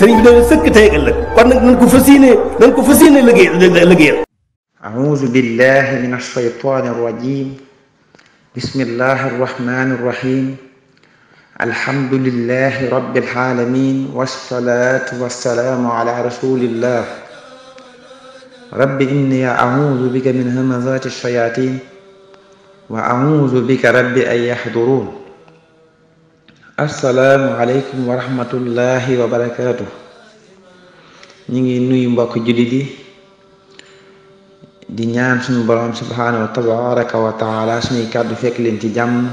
sëriñ bi dana sëkk tey ëllëg kon nag nañ ko fas yéene nañ ko fas yéene liggéey liggéeyal أعوذ بالله من الشيطان الرجيم بسم الله الرحمن الرحيم الحمد لله رب العالمين والصلاة والسلام على رسول الله رب إني أعوذ بك من همزات الشياطين وأعوذ بك رب أن يحضرون asalaamualeykum wa rahmatullahi wa ñu ngi nuyu mbokk jullit yi di ñaan suñu borom subhaanahu wa tabaraka suñuy kàddu fekk leen ci jàmm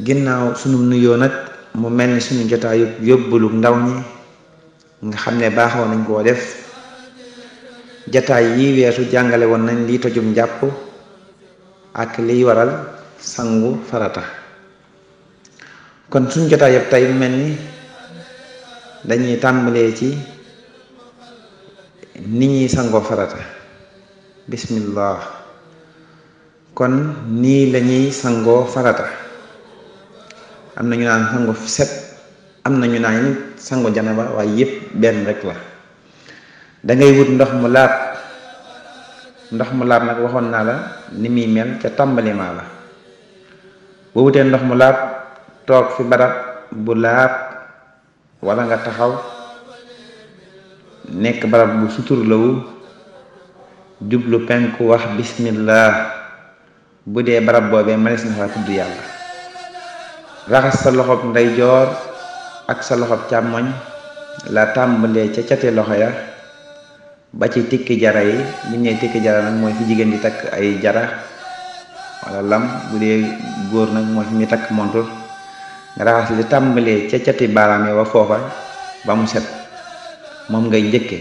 ginnaaw suñu nuyoo nag mu mel ni suñu jotaay yóbbulu ndaw ñi nga xam ne baaxoo nañ koo def jataay yi weesu jàngale woon nañ lii tojum jàpp ak liy waral sangu farata kon suñ jotaay yëpp tey mel ni dañuy tàmbalee ci ni ñuy sangoo farata bismillah kon nii lañuy sangoo farata am na ñu naan sangu set am na ñu naan sangu janaba waaye yëpp benn rek la da wut ndox mu laab ndox mu laab nag waxoon naa la ni muy mel ca tàmbali la boo wutee ndox mu laab toog fi barab bu laab wala nga taxaw nekk barab bu suturlawu jublu penku wax bismillah bu dee barab boobee mënees na fa tudd yàlla raxas sa loxob ndeyjoor ak sa loxob càmmoñ la tàmbalee ca cati loxo ya ba ci tikki jara yi bu ñëwee tikki jara nag mooy fi jigéen di takk ay jara wala lam bu dee góor nag mooy fi muy takk montur nga raxas li tàmbalee ca cati baaraam yi foofa ba mu set moom ngay njëkke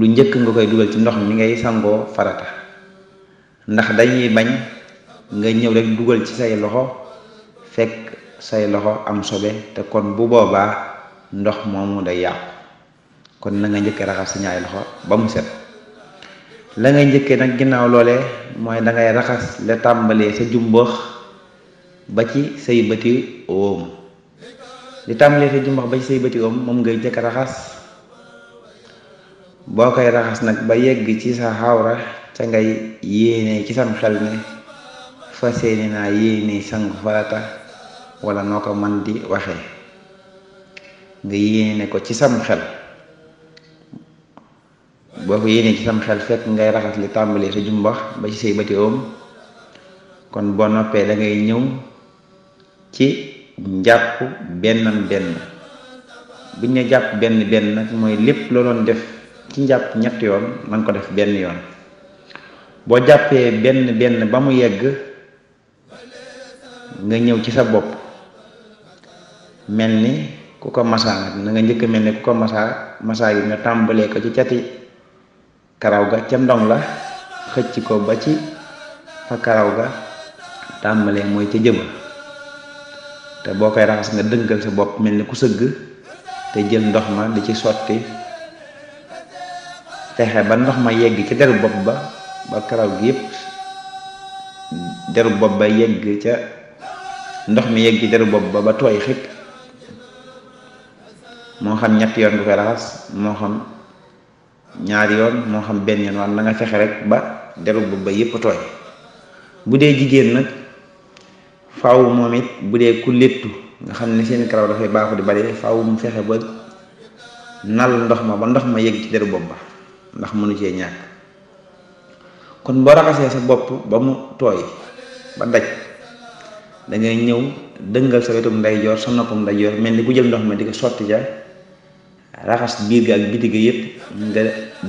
lu njëkk nga koy dugal ci ndox mi ngay sangoo farata ndax dañuy bañ nga ñëw rek dugal ci say loxo fekk say loxo am sobe te kon bu boobaa ndox moomu day yàqu kon na nga njëkkee raxas sa ñaari loxo ba mu set la ngay njëkkee nag ginnaaw loolee mooy dangay raxas la tàmbalee sa jumboox ba ci say bëti oom li tàmbalee fi jumbax ba ci say bëti oom moom ngay jëkk raxas boo koy raxas nag ba yegg ci sa xawra ca ngay yéene ci sam xel ne fa seeni naa yéene sangu farata walla noo ko man di waxee nga yéene ko ci sam xel boo ko yéenee ci sam xel fekk ngay raxas li tàmbalee sa jumbax ba ci say bëti oom kon boo noppee da ngay ñëw ci njàpp bennam benn buñ ne jàpp benn benn nag mooy lépp loo doon def ci njàpp ñett yoon na ko def benn yoon boo jàppee benn benn ba mu yegg nga ñëw ci sa bopp mel ni ku ko masaa na nga njëkk mel ni ko masaa masaa yi nga tàmbalee ko ci cati karaw ga ca ndong la xëcc ko ba ci fa karaw ga tàmbalee mooy ca jëma te boo koy raxas nga dënkal sa bopp mel ni ku sëgg te jël ndox ma di ci sotti fexe ba ndox ma yegg ci deru bopp ba ba karaw gi yépp deru bopp ba yegg ca ndox mi yegg ci deru bopp ba ba tooy xëpp moo xam ñetti yoon du koy raxas moo xam ñaari yoon moo xam benn yoon waaye na fexe rek ba deru bopp ba yépp tooy bu dee jigéen nag faaw moom it bu dee ku léttu nga xam ne seen karaw dafay baaxu di bari faaw mu fexe ba nal ndox ma ba ndox ma yëg ci deru bopp ba ndax munu cee ñàkk kon boo raxasee sa bopp ba mu tooy ba daj da ngay ñëw dëngal sa wetum ndeyjoor sa noppam ndeyjoor mel ni ku jël ndox ma di ko sotti ja raxas biir ga ak biti ga yëpp nga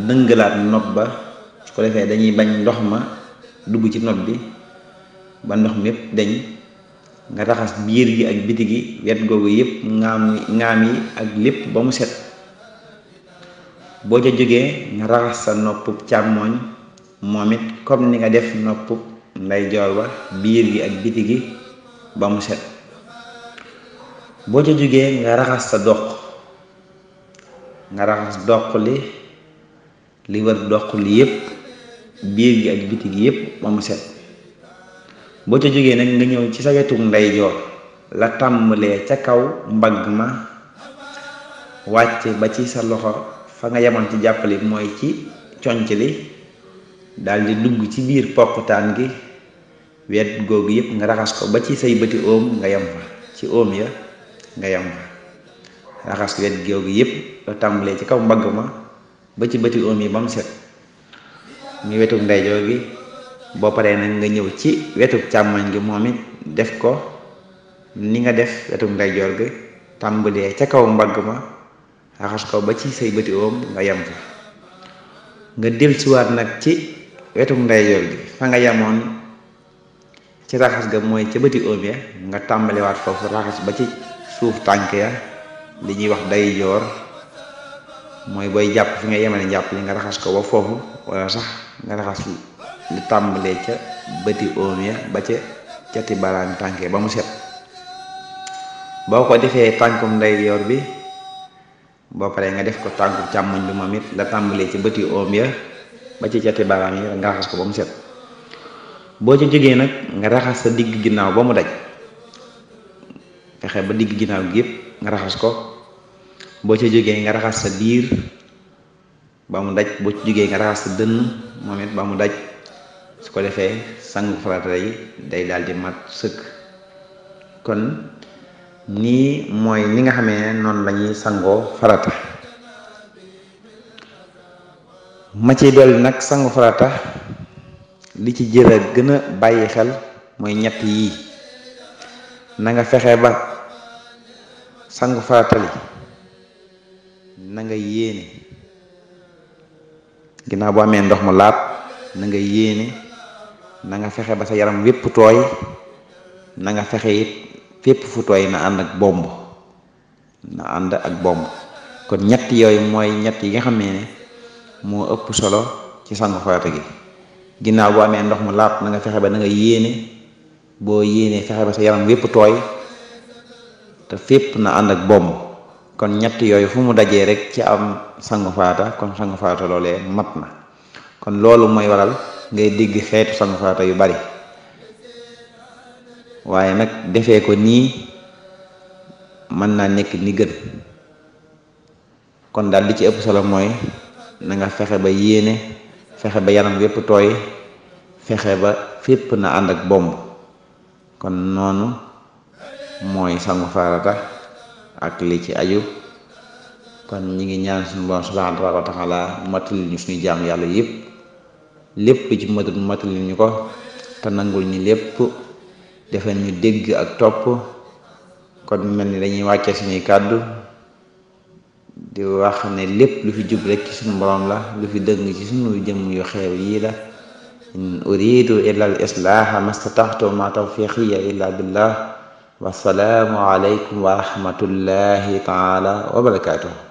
dëngalaat nopp ba su ko defee dañuy bañ ndox ma dugg ci nopp bi ba ndox mi yëpp dañ nga raxas biir gi ak biti gi wet googu yëpp ngaam ngaam yi ak lépp ba mu set boo ca jógee nga raxas sa noppub càmmooñ moom it comme ni nga def noppub ndeyjoor ba biir gi ak biti gi ba mu set boo ca jógee nga raxas sa doq nga raxas doq li li wër doq li yëpp biir gi ak biti gi yëpp ba mu set boo ca jógee nag nga ñëw ci sa wetu ndeyjoor la tàmbalee ca kaw mbagg ma wàcc ba ci sa loxo fa nga yemoon ci jàppale mooy ci conc li daldi dugg ci biir poqtaan gi wet googu yépp nga raxas ko ba ci say bëti oom nga yem fa ci oom ya nga yem fa raxas wet googu yëpp la tàmbalee ci kaw mbagg ma ba ci bëti oom yi ba mu set muy wetu ndeyjoor gi boo paree nag nga ñëw ci wetu càmmoñ gi moom it def ko ni nga def wetu ndeyjoor gi tàmbalee ca kaw mbagg ma raxas ko ba ci say bëti oom nga yem fa nga dellusiwaat nag ci wetu ndeyjoor gi fa nga yemoon ci raxas ga mooy ca bëti oom ya nga tàmbaliwaat foofu raxas ba ci suuf tànk ya li ñuy wax day joor mooy booy jàpp fi nga yemale jàpp li nga raxas ko ba foofu wala sax nga raxas lu tàmbalee ca bëti oom ya ba ca cati balaam tànkee ba mu set boo ko defee tànkum yoor bi boo paree nga def ko tànkum càmmoñ bi moom it la tàmbalee ci bëti oom ya ba ci cati balaam yi nga raxas ko ba mu set boo ci jógee nag nga raxas sa digg ginnaaw ba mu daj fexe ba digg ginnaaw gi yëpp nga raxas ko boo ca jógee nga raxas sa diir ba mu daj boo ci jógee nga raxas sa dënn moom it ba mu daj su ko sangu farata day daal di mat sëkk kon nii mooy li nga xamee noonu lañuy sangoo farata ma ci dolli nag sangu farata li ci jër a gën a bàyyi xel mooy ñett yii nanga fexe ba sangu farata li na nga yéene ginnaaw bu amee ndox mu laab na nga yéene na nga fexe ba sa yaram wépp tooy na nga fexe it fépp fu tooy na ànd ak bomb na ànd ak bomb kon ñett yooyu mooy ñett yi nga xam ne moo ëpp solo ci sangu gi ginnaaw boo amee ndox mu laab na nga fexe ba na yéene boo yéenee fexe ba sa yaram wépp tooy te fépp na ànd ak kon ñett yooyu fu mu dajee rek ci am sangu farata kon sangu farata loolee mat na kon loolu mooy waral ngay digg xeetu sangu farata yu bari waaye nag defe ko nii mën naa nekk ni gën kon daal di ci ëpp solo mooy na fexe ba yéene fexe ba yaram yépp tooy fexe ba fépp na ànd ak bomb kon noonu mooy sangu farata ak li ci aju kon ñu ngi ñaan suñu borom subhanahu wa taala matal ñu suñu jaam yàlla yëpp lépp ci matul matul ñu ko te nangul ñu lépp defal ñu dégg ak topp kon mel ni dañuy wàcce suñuy kàddu di wax ne lépp lu fi jub rekk ci suñu borom la lu fi dëng ci suñu jëm yu xeew yii la in uridu illa al islaaha mastataxtu ma tawfiqiya illa billah wasalaamu aleykum wa rahmatullahi taala wa barakatuh